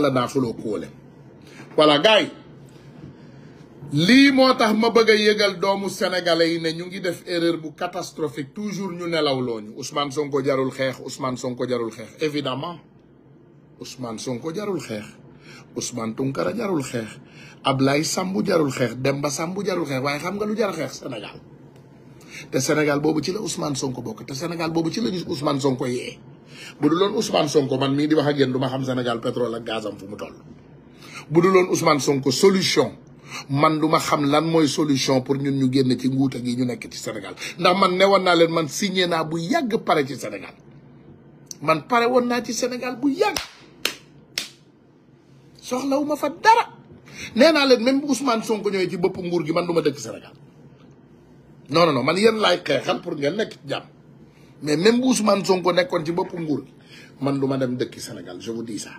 la daa fuloo kóole voilà gars lii moo tax ma bëgg yëgal doomu sénégalais yi ne ñu ngi def erreur bu catastrophique toujours ñu nelaw looñu Ousmane Sonko jarul xeex Ousmane Sonko jarul xeex évidemment Ousmane Sonko jarul xeex Ousmane Tunkara jarul xeex Ablaye Sambu jarul xeex Demba Sambu jarul xeex waaye xam nga lu jar xeex Sénégal te Sénégal boobu ci la Ousmane Sonko bokk te Sénégal boobu ci la ñu Ousmane Sonko yee bu du loon Ousmane Sonko man mii di wax ak du ma xam Sénégal pétrole ak gazam fu mu toll bu du loon Ousmane Sonko solution man du ma xam lan mooy solution pour ñun ñu génn ci nguuta gi ñu nekk ci Sénégal ndax man ne naa leen man signé naa bu yàgg pare ci senegal man pare woon naa ci senegal bu yàgg soxlawu ma fa dara nee naa leen même bu Ousmane Sonko ñëwee ci bopp nguur gi man du ma dëkk Sénégal non non non man yéen laay xeexal pour ngeen nekk ci jàmm mais même bu Ousmane Sonko nekkoon ci bopp nguur man lu ma dem dëkki Sénégal je vous dis ça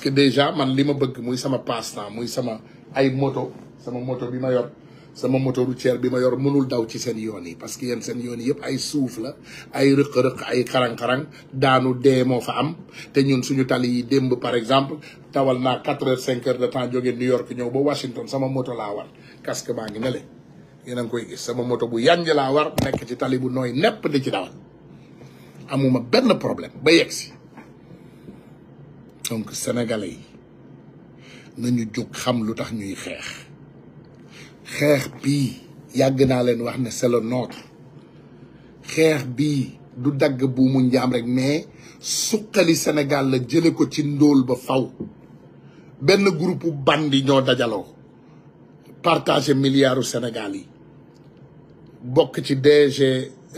que déjà man li ma bëgg muy sama passe-temps muy sama ay moto sama moto bi ma yor sama moto routière bi ma yor mënul daw ci seen yoon yi parce que yéen seen yoon yëpp ay suuf la ay rëq-rëq ay xarang daanu dee moo fa am te ñun suñu tali yi démb par exemple tawal naa quatre heures cinq heures de temps jóge New York ñëw ba Washington sama moto laa war casque baa ngi ne yéen a koy gis sama moto bu yànj laa war nekk ci tali bu nooy nepp di ci daal amuma benn problème ba yegg si donc sénégalais yi nañu jóg xam lu tax ñuy xeex xeex bii yàgg naa leen wax ne c'est le xeex bii du dagg bu mu njaam rek mais suqali Sénégal la jële ko ci ndóol ba faw benn groupe bandi ñoo dajaloo partager milliardu Sénégal yi bokk ci DG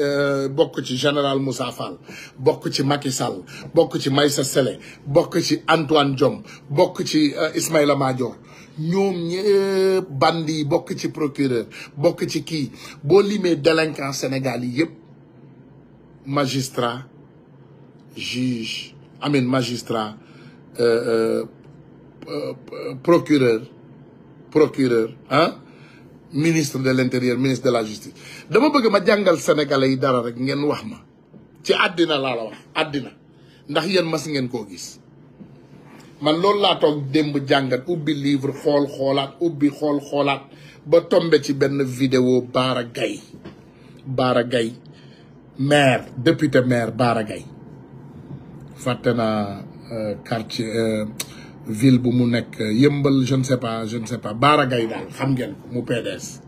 euh, bokk ci général Moussa Fall bokk ci Macky Sall bokk ci Maïssa bokk ci Antoine Diome bokk ci euh, Ismaïla Madior ñoom ñëpp bandi yi bokk ci procureur bokk ci kii boo limee délinquant Sénégal yi yëpp magistrat juge amin magistrat euh, procureur procureur ah ministre de l'intérieur ministre de la justice dama bëgg ma jàngal sénégalais yi dara rek ngeen wax ma ci àddina laa la wax àddina ndax yéen mas ngeen koo gis man loolu laa toog démb jàngat ubbi livre xool xoolaat ubbi xool xoolaat ba tombe ci benn vidéo Baara Gaye Baara Gaye maire député maire Baara Gaye fàtte naa euh, quartier euh, ville bu mu nekk yëmbal je ne sais pas je ne sais pas Baara daal xam ngeen mu PDS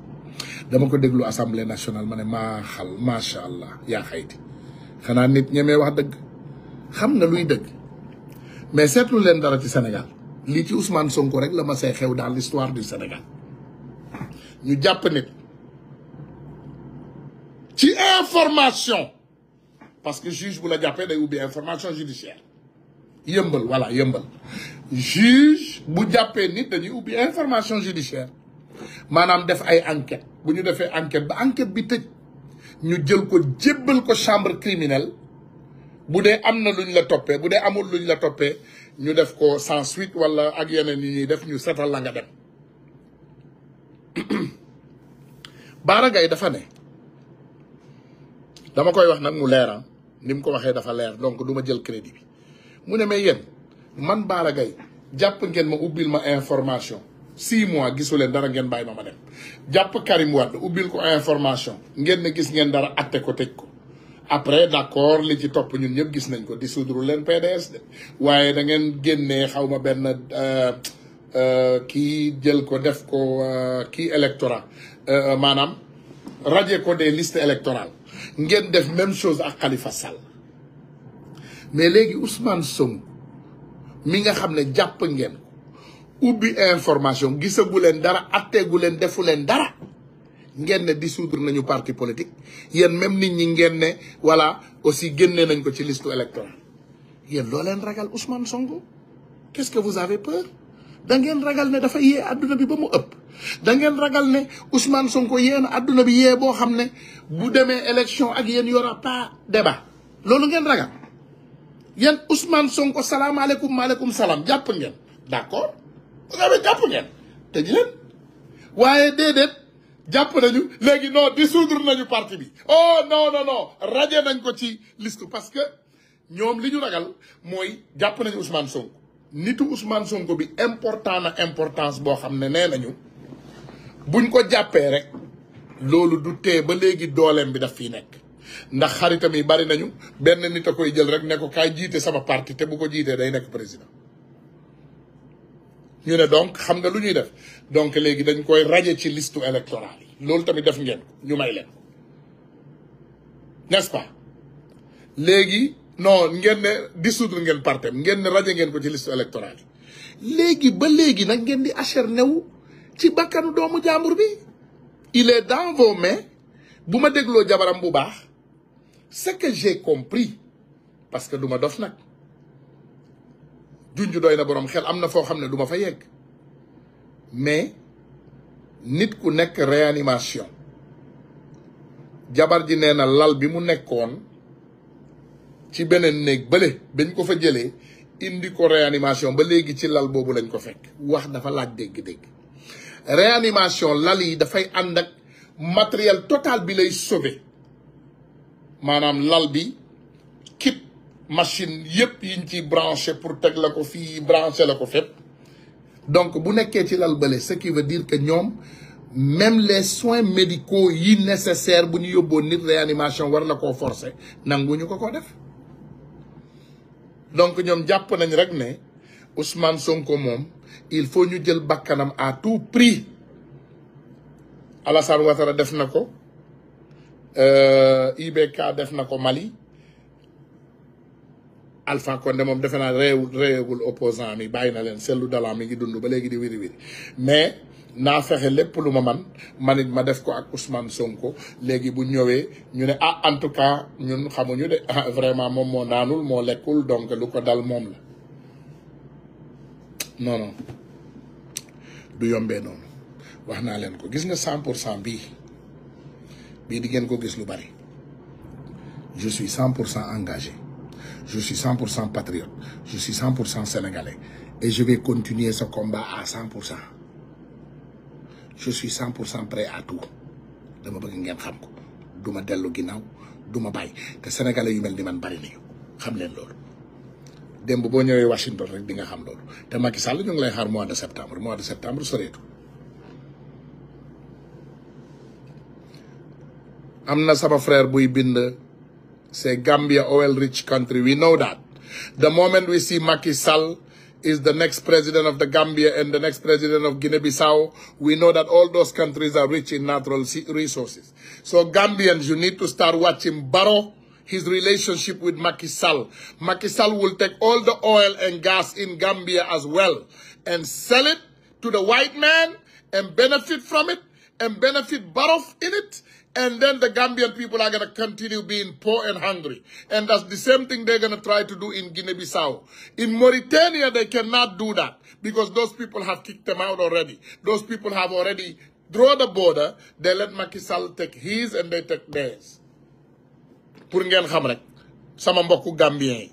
dama ko déglu assemblée nationale ma ne maa xal macha allah yaa xayti xanaa nit ñemee wax dëgg xam na luy dëgg mais seetlu leen dara ci Sénégal li ci Ousmane Sonko rek la ma see xew dans l'histoire du Sénégal ñu jàpp nit ci information parce que juge bu la jàppee day ubbi information judiciaire yëmbal voilà yëmbal juge bu jàppee nit dañuy ubbi information judiciaire maanaam def ay enquête bu ñu defee enquête ba enquête bi tëj ñu jël ko jébbal ko chambre criminelle bu dee am na luñ la toppee bu dee amul luñ la toppee ñu def ko sans suite wala ak yeneen yi ñuy def ñu setal la nga dem Bara Gaye dafa ne dama koy wax nag mu leeram ni mu ko waxee dafa leer donc du ma jël crédit bi mu ne mais yéen man Bara Gaye jàpp ngeen ma ubbil ma information six mois gisu leen dara ngeen bàyyi ma ma dem jàpp Karim Wade ubbil ko information ngeen ne gis ngeen dara atte ko teg ko après d'accord li ci topp ñun ñëpp gis nañ ko di dissoudre leen PDS de waaye da ngeen génnee xaw ma benn euh, euh, kii jël ko def ko euh, kii électorat maanaam radier ko des listes électorales ngeen def même chose ak Khalifa Sall mais léegi Ousmane Sonko mi nga xam ne jàpp ngeen ubbi information gisagu leen dara atteegu leen defu leen dara ngeen ne dissoudre nañu parti politique yéen même nit ñi ngeen ne wala aussi génne nañ ko ci liste électorale yéen loo leen ragal Ousmane Sonko qu'est-ce que da ngeen ragal ne dafa yee àdduna bi ba mu ëpp da ngeen ragal ne Ousmane Sonko yee àdduna bi yee boo xam ne bu demee élection ak yéen y aura pas débat loolu ngeen ragal. yéen Ousmane Sonko salaamaaleykum maaleykum salaam jàpp ngeen d'accord vous avez jàpp ngeen te ji leen waaye déedéet jàpp nañu léegi non dissoudre nañu parti bi oh non non non raje nañ ko ci liste parce que ñoom li ñu ragal mooy jàpp nañu Ousmane Sonko nitu Ousmane Sonko bi important na importance boo xam ne nee nañu buñ ko jàppee rek loolu du tee ba léegi doolem bi daf fiy nekk ndax xaritam yi bari nañu benn nit a koy jël rek ne ko kaay jiite sama parti te bu ko jiitee day nekk président. ñu ne donc xam nga lu ñuy def donc léegi dañ koy raje ci listu électorale yi loolu tamit def ngeen ko ñu may leen ko pas léegi non ngeen ne dissoudre ngeen partem ngeen ne raje ngeen ko ci liste électorale yi léegi ba léegi nag ngeen di acharné wu ci bakkanu doomu jàmbur bi il est dans vos bu ma dégloo jabaram bu baax ce que j'ai compris parce que du ma dof nag junj doy na boroom xel am na foo xam ne du fa yegg mais nit ku nekk réanimation jabar ji nee na lal bi mu nekkoon ci beneen néeg bële bañ ko fa jëlee indi ko réanimation ba léegi ci lal boobu lañ ko fekk wax dafa laaj dégg-dégg réanimation lal yi dafay ànd ak matériel total bi lay sauver maanaam lal bi kit machine yëpp yiñ ci branché pour teg la ko fii branché la ko fépp donc bu nekkee ci lal bale ce qui veut dire que ñoom même les soins médicaux yi nécessaires bu ñu yóbboon nit réanimation war la koo forcer ñu ko ko def donc ñoom jàpp nañ rek ne Ousmane Sonko moom il faut ñu jël bakkanam à tout prix Alassane Ouattara def na ko Euh, IBK def na ko Mali Alpha Condé moom defe naa réewul réewul opposant mi bàyyi na leen seetlu dalam mi ngi dund ba léegi di wiri wiri mais naa fexe lépp lu ma man manit ma def ko ak Ousmane Sonko léegi bu ñëwee ñu ne ah en tout cas ñun xamuñu de ah, vraiment moom moo naanul moo lekkul donc lu ko dal moom la non non du yombe noonu wax naa leen ko gis nga cent pour cent bii bii di ngeen ko gis lu bari je suis cent pour cent engagé je suis cent pour cent patriote je suis cent pour cent sénégalais et je vais continuer ce combat à cent pour cent je suis cent pour cent prêt à tout dama bëgg ngeen xam ko du ma dellu ginnaaw du ma bàyyi te sénégalais yu mel ni man bari nañu xam leen loolu. démb boo ñëwee Washington rek di xam loolu te Macky Sall ñu ngi lay xaar mois de septembre mois de septembre soreetu am na sama frère buy bind c'est Gambia oil rich country we know that the moment we see Macky is the next president of the Gambia and the next president of Guinea-Bissau we know that all those countries are rich in natural resources so Gambians you need to start watching Barrow his relationship with Macky Sall. will take all the oil and gas in Gambia as well and sell it to the white man and benefit from it and benefit Barrow in it And then the Gambian people are going to continue being poor and hungry. And that's the same thing they're going to try to do in Guinea-Bissau. In Mauritania, they cannot do that because those people have kicked them out already. Those people have already draw the border. They let Macky Sall take his and they take theirs. Pour ngeen xam rek sama mbokku Gambien